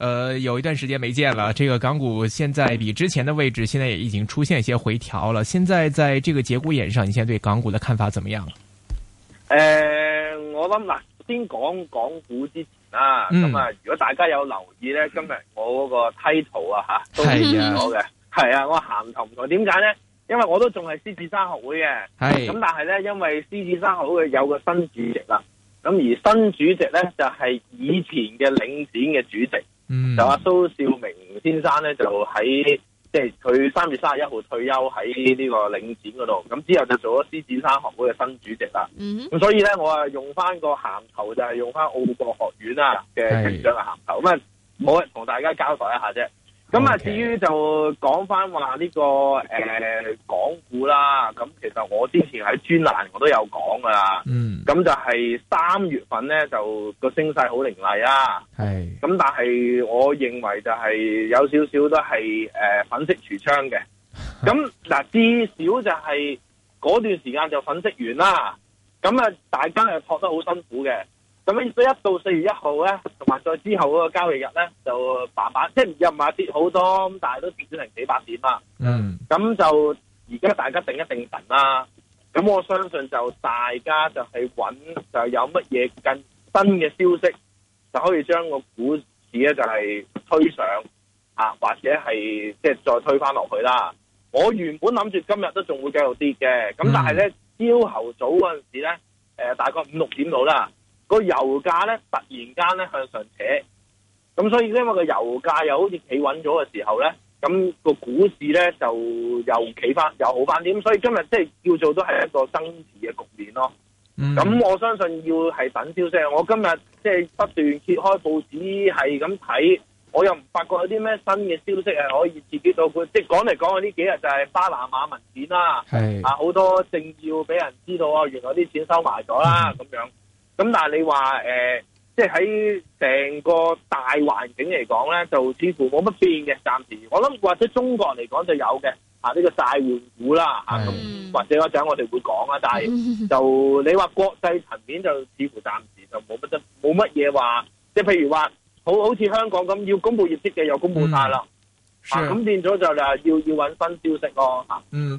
呃有一段時間沒見了。這個港股現在比之前的位置，現在也已經出現一些回調了。現在在這個節骨眼上，你現在對港股的看法怎麼樣？呃、我諗嗱，先講港股之前啦。咁、嗯、啊，如果大家有留意呢，今日我嗰個梯圖啊都係我嘅。係、哎、啊，我行頭唔同。點解呢？因為我都仲係獅子山學會嘅。咁、哎、但係呢，因為獅子山學會有個新主席啦。咁而新主席呢，就係以前嘅領展嘅主席。嗯、就阿蘇兆明先生咧，就喺即係佢三月三十一號退休喺呢個領展嗰度，咁之後就做咗獅子山學會嘅新主席啦。咁、嗯、所以咧，我啊用翻個銜頭就係用翻澳國學院啦嘅成長嘅銜頭，咁啊好同大家交代一下啫。咁啊，至於就講返話呢個誒、okay. 呃、港股啦，咁其實我之前喺專欄我都有講噶啦，咁、mm. 就係三月份咧就個升勢好凌厲啦，咁、mm. 但係我認為就係有少少都係誒、呃、粉飾櫥窗嘅，咁 嗱，至少就係嗰段時間就粉飾完啦，咁啊大家係撲得好辛苦嘅。咁所以一到四月一號咧，同埋再之後嗰個交易日咧，就慢慢即係唔入碼跌好多，咁但係都跌咗成幾百點啦。嗯。咁就而家大家定一定神啦。咁我相信就大家就係揾就有乜嘢更新嘅消息，就可以將個股市咧就係推上啊，或者係即係再推返落去啦。我原本諗住今日都仲會繼續跌嘅，咁但係咧朝頭早嗰陣時咧，誒、呃、大概五六點到啦。個油價咧突然間咧向上扯，咁所以因為個油價又好似企穩咗嘅時候咧，咁、個股市咧就又企翻又好翻啲，咁所以今日即係叫做都係一個增持嘅局面咯。咁、嗯、我相信要係等消息，我今日即係不斷揭開報紙係咁睇，我又唔發覺有啲咩新嘅消息係可以刺激到佢。即係講嚟講去，呢幾日就係巴拿馬文件啦、啊，啊好多政要俾人知道啊，原來啲錢收埋咗啦咁樣。咁但係你話誒、呃，即係喺成個大環境嚟講咧，就似乎冇乜變嘅。暫時我諗或者中國嚟講就有嘅，啊呢、呢個大換股啦，嚇、啊，或者或者我哋會講啊。但係就你話國際層面就似乎暫時就冇乜得，冇乜嘢話。即係譬如話，好好似香港咁要公佈業績嘅又公佈晒啦，啊咁變咗就啊要要揾新消息咯嚇。嗯，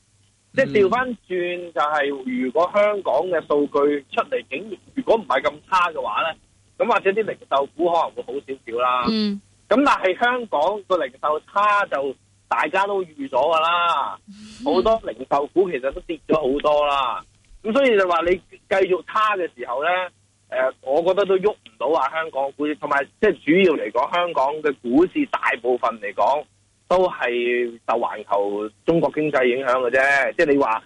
即係調翻轉就係、是，如果香港嘅數據出嚟，竟然如果唔係咁差嘅話咧，咁或者啲零售股可能會好少少啦。咁但係香港個零售差就大家都預咗噶啦，好多零售股其實都跌咗好多啦。咁所以就話你繼續差嘅時候咧，誒，我覺得都喐唔到啊！香港股市同埋即係主要嚟講，香港嘅股市大部分嚟講。都係受環球中國經濟影響嘅啫，即係你話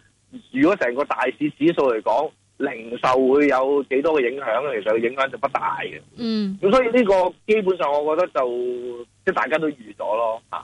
如果成個大市指數嚟講，零售會有幾多嘅影響？其實影響就不大嘅。嗯，咁所以呢個基本上，我覺得就即係大家都預咗咯，吓。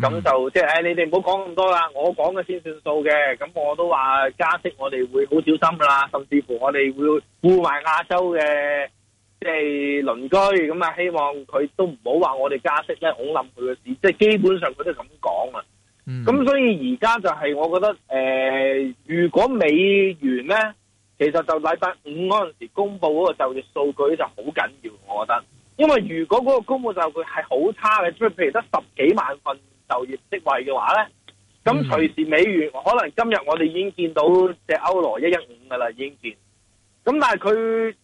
咁就即係，誒，你哋唔好講咁多啦，我講嘅先算數嘅。咁我都話加息，我哋會好小心噶啦，甚至乎我哋會顧埋亞洲嘅即係鄰居。咁啊，希望佢都唔好話我哋加息咧，恐冧佢嘅事。即係基本上佢都咁講啊。咁所以而家就係我覺得，誒，如果美元咧，其實就禮拜五嗰陣時公布嗰個就業數據就好緊要，我覺得。因為如果嗰個公布就業係好差嘅，即係譬如得十幾萬份。就業職位嘅話咧，咁隨時美元可能今日我哋已經見到隻歐羅一一五噶啦，已經見。咁 但係佢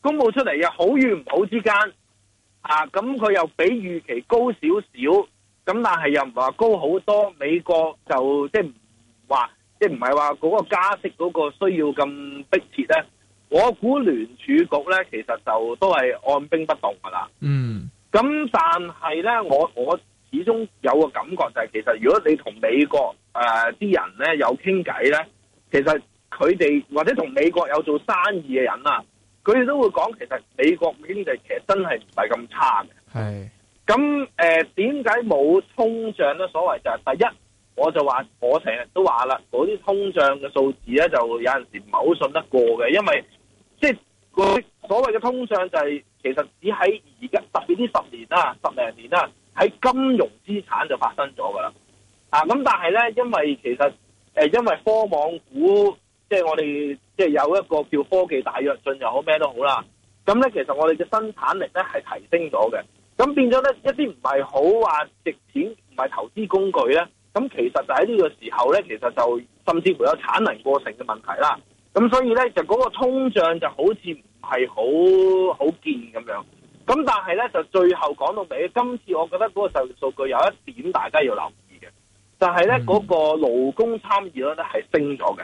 公布出嚟又好與唔好之間，啊咁佢又比預期高少少，咁但係又唔話高好多。美國就即係唔話，即係唔係話嗰個加息嗰個需要咁迫切咧。我估聯儲局咧其實就都係按兵不動噶啦。嗯，咁但係咧我我。我始終有個感覺就係、是、其實，如果你同美國誒啲、呃、人咧有傾偈咧，其實佢哋或者同美國有做生意嘅人啦、啊，佢哋都會講其實美國經濟其實真係唔係咁差嘅。係咁誒，點解冇通脹咧？所謂就係、是、第一，我就話我成日都話啦，啲通脹嘅數字咧就有陣時唔係好信得過嘅，因為即係佢所謂嘅通脹就係、是、其實只喺而家特別呢十年啦、啊、十零年啦、啊。喺金融資產就發生咗噶啦，啊咁但係咧，因為其實、呃、因為科網股，即係我哋即係有一個叫科技大躍進又好咩都好啦，咁咧其實我哋嘅生產力咧係提升咗嘅，咁變咗咧一啲唔係好話值錢，唔係投資工具咧，咁其實就喺呢個時候咧，其實就甚至乎有產能過剩嘅問題啦，咁所以咧就嗰個通脹就好似唔係好好見咁樣。咁但係咧，就最後講到尾，今次我覺得嗰個就業數據有一點大家要留意嘅，就係咧嗰個勞工參與率咧係升咗嘅，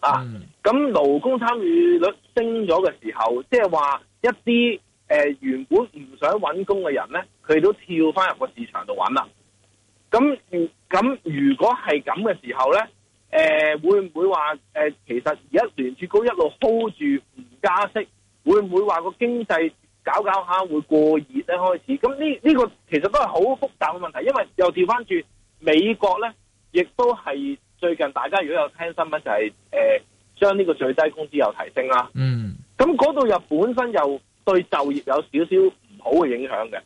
嗯。啊，咁勞工參與率升咗嘅時候，即係話一啲誒、呃、原本唔想搵工嘅人咧，佢都跳翻入個市場度搵啦。咁如咁如果係咁嘅時候咧，誒、呃、會唔會話誒、呃、其實而家聯儲局一路 hold 住唔加息，會唔會話個經濟？搞搞下會過熱咧開始，咁呢呢個其實都係好複雜嘅問題，因為又調翻轉美國咧，亦都係最近大家如果有聽新聞就係、是、誒、呃、將呢個最低工資又提升啦。嗯，咁嗰度又本身又對就業有少少唔好嘅影響嘅，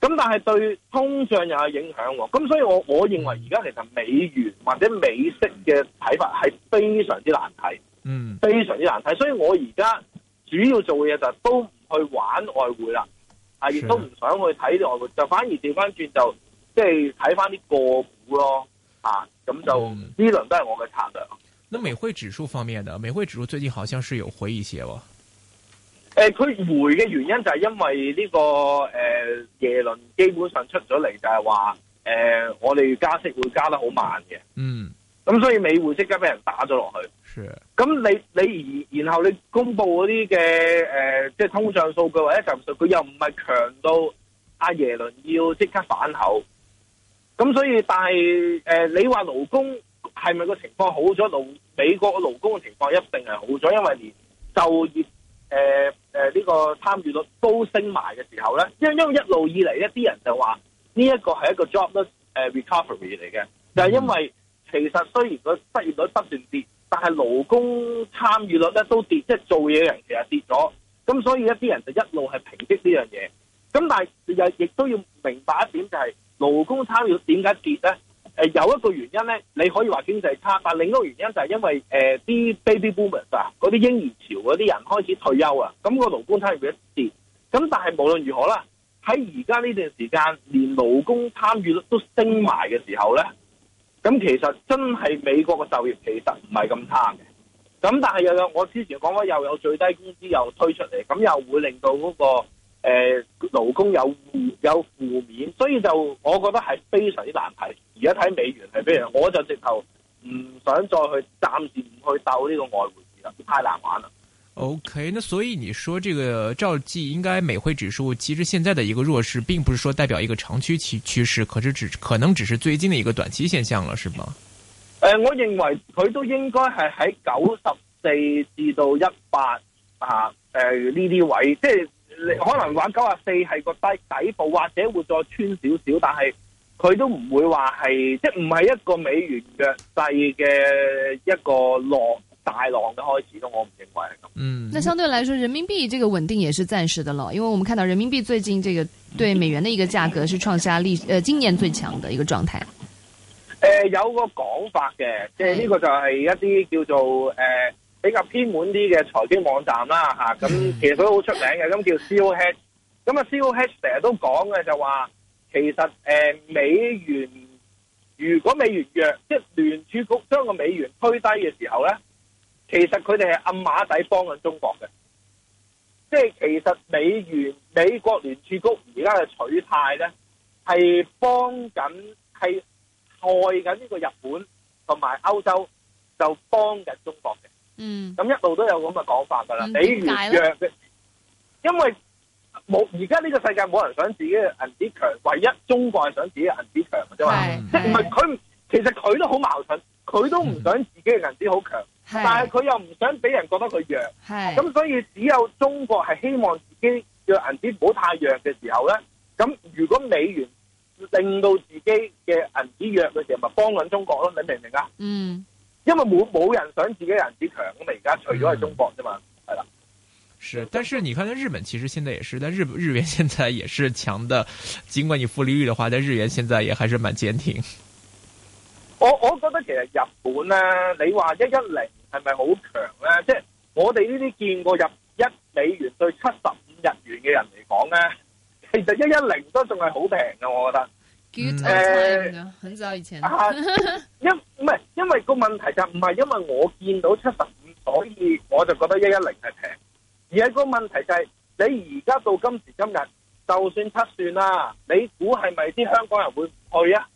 咁但係對通脹又有影響喎。咁所以我我認為而家其實美元或者美息嘅睇法係非常之難睇，嗯，非常之難睇。所以我而家。主要做嘅嘢就都唔去玩外匯啦，啊，亦都唔想去睇外匯，就反而掉翻轉就即係睇翻啲個股咯，啊，咁就呢輪都係我嘅策略。咁、嗯、美匯指數方面呢？美匯指數最近好像是有回一些喎。誒、呃，佢回嘅原因就係因為呢、這個誒、呃、耶倫基本上出咗嚟就係話誒我哋加息會加得好慢嘅。嗯。咁所以美匯即刻俾人打咗落去。咁你你而然後你公布嗰啲嘅誒，即係通脹數據或者就佢又唔係強到阿、啊、耶倫要即刻反口。咁所以但係誒、呃，你話勞工係咪個情況好咗？勞美國嘅勞工嘅情況一定係好咗，因為連就業誒誒呢個參與率都升埋嘅時候咧，因因為一路以嚟咧，啲人就話呢一個係一個 jobless recovery 嚟嘅，就係、是、因為。其實雖然個失業率不斷跌，但係勞工參與率咧都跌，即係做嘢嘅人其實跌咗。咁所以一啲人就一路係抨擊呢樣嘢。咁但係又亦都要明白一點就係勞工參與率點解跌咧？誒，有一個原因咧，你可以話經濟差，但另一個原因就係因為誒啲、呃、baby boomers 啊，嗰啲嬰兒潮嗰啲人開始退休啊，咁個勞工參與率一跌。咁但係無論如何啦，喺而家呢段時間連勞工參與率都升埋嘅時候咧。咁其實真係美國嘅就業其實唔係咁差嘅，咁但係又有我之前講過又有最低工資又推出嚟，咁又會令到嗰、那個誒、呃、勞工有有負面，所以就我覺得係非常之難題。而家睇美元係咩樣，我就直頭唔想再去，暫時唔去鬥呢個外匯啦，太難玩啦。O.K.，那所以你說這個照計，應該美匯指數其實現在的一個弱勢，並不是說代表一個長趨期趨勢，可是只可能只是最近的一個短期現象了，是嗎？誒、呃，我認為佢都應該係喺九十四至到一百啊，誒呢啲位，即係你可能話九十四係個底底部，或者會再穿少少，但係佢都唔會話係，即係唔係一個美元弱勢嘅一個落。大浪嘅開始，都我唔認為咁。嗯，那相對來說，人民幣這個穩定也是暫時的咯，因為我們看到人民幣最近這個對美元的一個價格是創下歷，誒今年最強的一個狀態。誒、呃，有個講法嘅，即係呢個就係一啲叫做誒、呃、比較偏門啲嘅財經網站啦，吓、啊、咁、嗯嗯、其實都好出名嘅，咁叫 Coh，咁啊 Coh 成日都講嘅就話，其實誒、呃、美元如果美元弱，即係聯儲局將個美元推低嘅時候咧。其實佢哋係暗馬底幫緊中國嘅，即係其實美元美國聯儲局而家嘅取態咧，係幫緊係害緊呢個日本同埋歐洲，就幫緊中國嘅。嗯，咁一路都有咁嘅講法噶啦。嗯，美元弱嘅，因為冇而家呢個世界冇人想自己嘅銀紙強，唯一中國係想自己嘅銀紙強嘅啫嘛。即係唔係佢，其實佢都好矛盾，佢都唔想自己嘅銀紙好強。是，但係佢又唔想俾人覺得佢弱，咁所以只有中國係希望自己嘅銀紙唔好太弱嘅時候咧，咁如果美元令到自己嘅銀紙弱嘅時候，咪幫緊中國咯？你明唔明啊？嗯，因為冇冇人想自己銀紙強啊，而家除咗係中國啫嘛，係啦。是，但是你睇下日本，其實現在也是，但日日元現在也是強的，盡管你負利率的話，但日元現在也還是蠻堅挺。我我覺得其實日本咧，啊，你話一一零。係咪好強咧？即係我哋呢啲見過入一美元兌七十五日元嘅人嚟講咧，其實一一零都仲係好平噶我覺得。叫 time 啊，很久以前。啊，因唔係，因為個問題就唔係因為我見到七十五所以我就覺得一一零係平，而係個問題就係你而家到今時今日，就算七算啦，你估係咪啲香港人會唔去啊？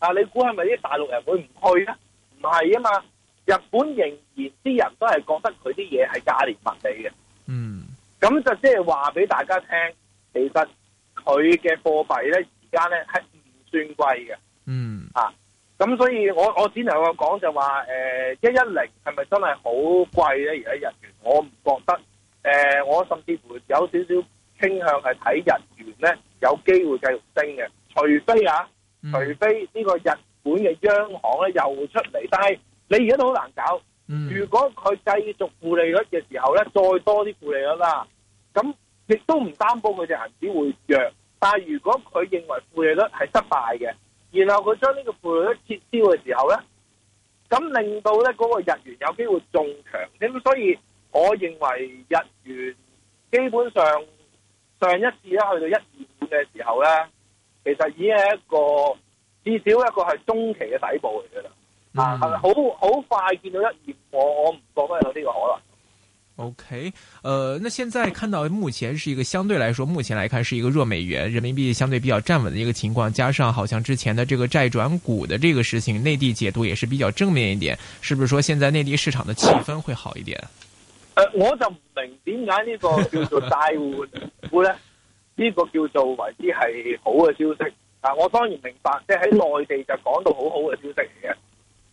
啊，你估係咪啲大陸人會唔去啊？唔係啊嘛。日本仍然啲人都係覺得佢啲嘢係價廉物美嘅，嗯，咁就即係話俾大家聽，其實佢嘅貨幣咧，而家咧係唔算貴嘅，嗯，啊，咁所以我我只能夠講就話誒一一零係咪真係好貴咧？而家日元，我唔覺得，誒、呃，我甚至乎有少少傾向係睇日元咧有機會繼續升嘅，除非啊，嗯、除非呢個日本嘅央行咧又出嚟但係。你而家都好難搞，如果佢繼續負利率嘅時候咧，再多啲負利率啦，咁亦都唔擔保佢隻銀紙會弱。但係如果佢認為負利率係失敗嘅，然後佢將呢個負利率撤銷嘅時候咧，咁令到咧嗰個日元有機會仲強。咁所以我認為日元基本上上一次咧去到一二五嘅時候咧，其實已經係一個至少一個係中期嘅底部嚟噶啦。嗱、啊，係好好快見到一言，我我唔覺得有呢個可能。OK，呃、那現在看到目前是一個相對來說，目前來看是一個弱美元、人民幣相對比較站穩的一個情況，加上好像之前的這個債轉股的這個事情，內地解讀也是比較正面一點，是不是說現在內地市場的氣氛會好一點？呃、我就唔明點解呢個叫做債轉股咧，呢 個叫做為之係好嘅消息。嗱、啊，我當然明白，即係喺內地就講到好好嘅消息嚟嘅。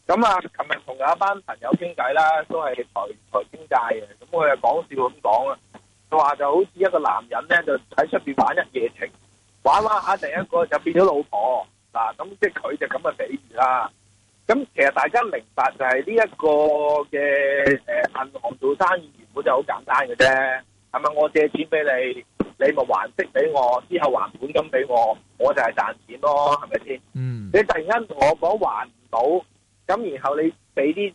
咁、嗯、啊！琴日同一班朋友傾偈啦，都係財財經界嘅。咁佢又講笑咁講啊，話就好似一個男人咧，就喺出面玩一夜情玩玩下，第一個就變咗老婆嗱。咁即係佢就咁嘅比喻啦。咁其實大家明白就係呢一個嘅誒銀行做生意原本就好簡單嘅啫，係咪？我借錢俾你，你咪還息俾我，之後還本金俾我，我就係賺錢咯，係咪先？嗯，你突然間同我講還唔到。咁然後你俾啲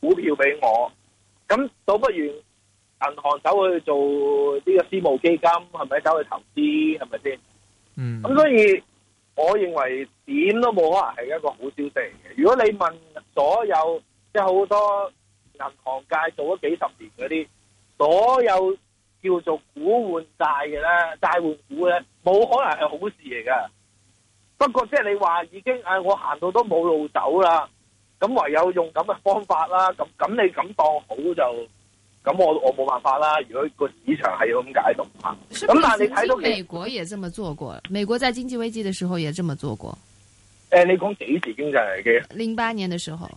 股票俾我，咁倒不如銀行走去做呢個私募基金，係咪走去投資，係咪先？嗯。咁所以我認為點都冇可能係一個好消息嚟嘅。如果你問所有，即係好多銀行界做咗幾十年嗰啲，所有叫做股換債嘅咧，債換股咧，冇可能係好事嚟噶。不過即係你話已經，唉、哎，我行到都冇路走啦。咁唯有用咁嘅方法啦，咁咁你咁當好就，咁我我冇辦法啦。如果個市場係要咁解讀啊，咁但係你睇到美國也這麼做過，美國在經濟危機嘅時候也這麼做過。誒、呃，你講幾時經濟嚟嘅？零八年嘅時候，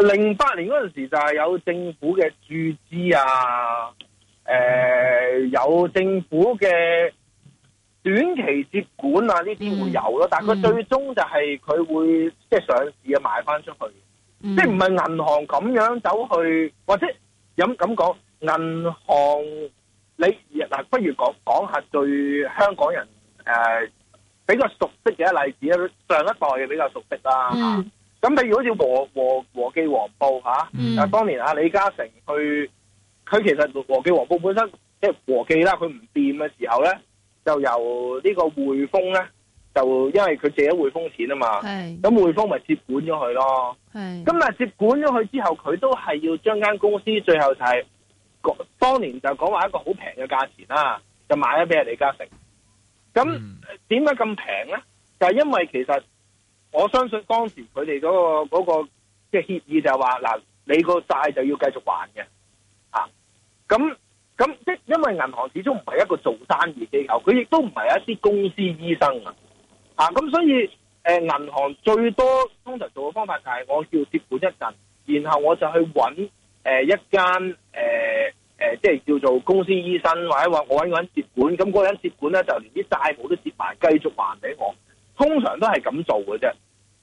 零八年嗰陣時就係有政府嘅注資啊，誒、呃，有政府嘅。短期接管啊，呢啲會有咯，但係佢最終就係佢會即係上市啊，賣翻出去，嗯、即係唔係銀行咁樣走去，或者咁咁講銀行，你嗱、啊、不如講講下對香港人、啊、比較熟悉嘅例子啦，上一代嘅比較熟悉啦、啊，咁、嗯、譬如好似和和和，和記黃埔嚇，但、嗯、係、啊、當年嚇李嘉誠去，佢其實和記黃埔本身即係、就是、和記啦，佢唔掂嘅時候咧。就由呢個匯豐咧，就因為佢借咗匯豐錢啊嘛，咁匯豐咪接管咗佢咯。咁但係接管咗佢之後，佢都係要將間公司最後就係當年就講話一個好平嘅價錢啦，就買咗俾阿李嘉誠。咁點解咁平咧？就係因為其實我相信當時佢哋嗰個嗰個即係協議就係話嗱，你個債就要繼續還嘅啊，咁。咁即因為銀行始終唔係一個做生意機構，佢亦都唔係一啲公司醫生啊。啊，咁所以誒、呃，銀行最多通常做嘅方法就係我叫接管一陣，然後我就去搵誒一間誒誒，即係叫做公司醫生，或者話我搵個人接管。咁嗰個人接管咧，就連啲債務都接埋，繼續還俾我。通常都係咁做嘅啫，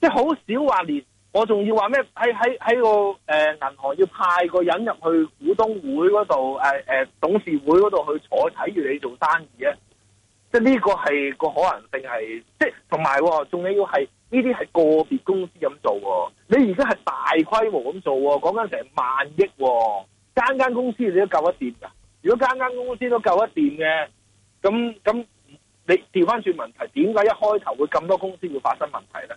即係好少話連。我仲要話咩？喺喺喺個誒銀行要派個人入去股東會嗰度，誒、呃、董事會嗰度去坐睇住你做生意啊！即係呢個係個可能性係，即係同埋仲要係呢啲係個別公司咁做喎。你而家係大規模咁做喎，講緊成萬億，哦，間間公司你都夠一掂㗎。如果間間公司都夠一掂嘅，咁咁你調翻轉問題，點解一開頭會咁多公司會發生問題咧？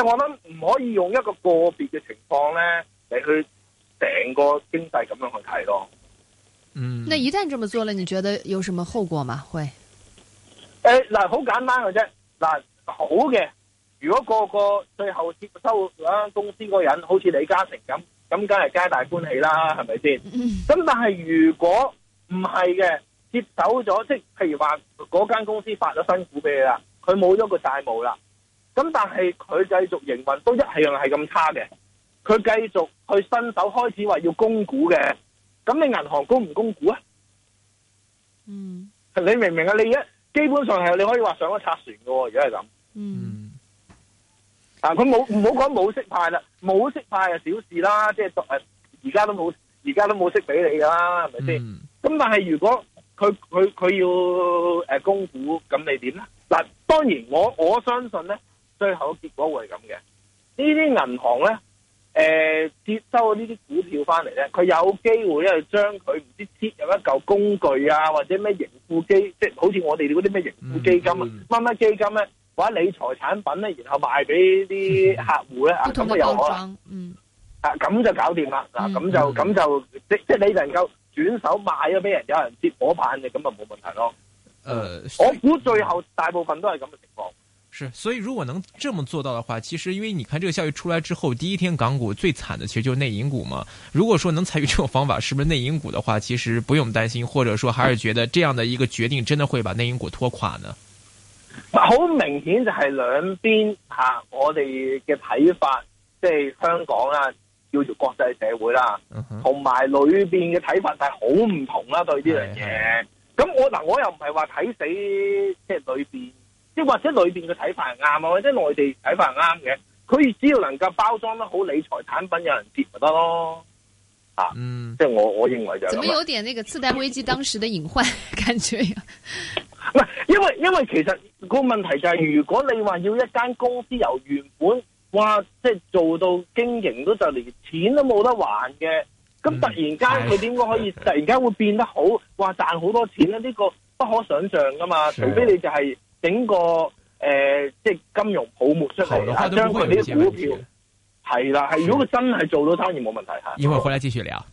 即係我諗唔可以用一個個別嘅情況咧嚟，去成個經濟咁樣去睇咯。嗯，那一旦這麼做了，你覺得有什麼後果嗎？會誒，嗱、哎，好簡單嘅啫。嗱，好嘅，如果個個最後接收嗰間公司嗰人，好似李嘉誠咁，咁梗係皆大歡喜啦，係咪先？咁、嗯、但係如果唔係嘅，接手咗，即係譬如話嗰間公司發咗新股俾你啦，佢冇咗個債務啦。咁但係佢繼續營運都一係樣係咁差嘅，佢繼續去伸手開始話要供股嘅，咁你銀行供唔供股啊？嗯，你明唔明啊？你基本上係你可以話上咗賊船噶，如果係咁。嗯。啊，佢冇唔好講冇息派啦，冇息派啊小事啦，即係誒，而家都冇而家都冇息俾你啦，係咪先？咁、嗯、但係如果佢佢佢要誒供股，咁你點咧？嗱，當然我我相信咧。最後嘅結果會係咁嘅，這些銀呢啲銀行咧，誒、呃，接收呢啲股票翻嚟咧，佢有機會咧，將佢唔知貼入一嚿工具啊，或者咩盈富基，即係好似我哋嗰啲咩盈富基金啊、乜、嗯、乜、嗯、基金咧，或者理財產品咧，然後賣俾啲客戶咧，咁都有可能。嗯，啊、咁、啊就，嗯啊、就搞掂啦，嗱、嗯、咁、啊、就咁、嗯、就即即係你能夠轉手賣咗俾人，有人接火棒嘅，咁就冇問題咯。誒、呃，我估最後大部分都係咁嘅情況。是，所以如果能這麼做到的話，其實因為你看這個效益出來之後，第一天港股最慘的其實就是內銀股嘛。如果說能採取這種方法，是不是內銀股的話，其實不用擔心，或者說還是覺得這樣的一個決定真的會把內銀股拖垮呢？好明顯就係兩邊吓、啊，我哋嘅睇法，即係香港啊叫做國際社會啦，嗯、面的同埋裏邊嘅睇法係好唔同啦，對呢樣嘢。咁我嗱，我又唔係話睇死，即係裏邊。即或者裏邊嘅睇法係啱，啊，或者內地睇法係啱嘅，佢只要能夠包裝得好理財產品，有人接咪得咯。啊、嗯，即我我認為就係。怎麼有點那個次貸危機當時的隱患感覺呀？唔係，因為因為其實個問題就係，是，如果你話要一間公司由原本話即係做到經營都就連錢都冇得還嘅，咁突然間佢點解可以突然間會變得好話賺好多錢咧？呢、這個不可想象噶嘛的，除非你就係，是。整個誒、呃、即係金融泡沫出嚟，將佢啲股票係啦，係如果佢真係做到貪研冇問題嚇，依個回嚟，繼續聊。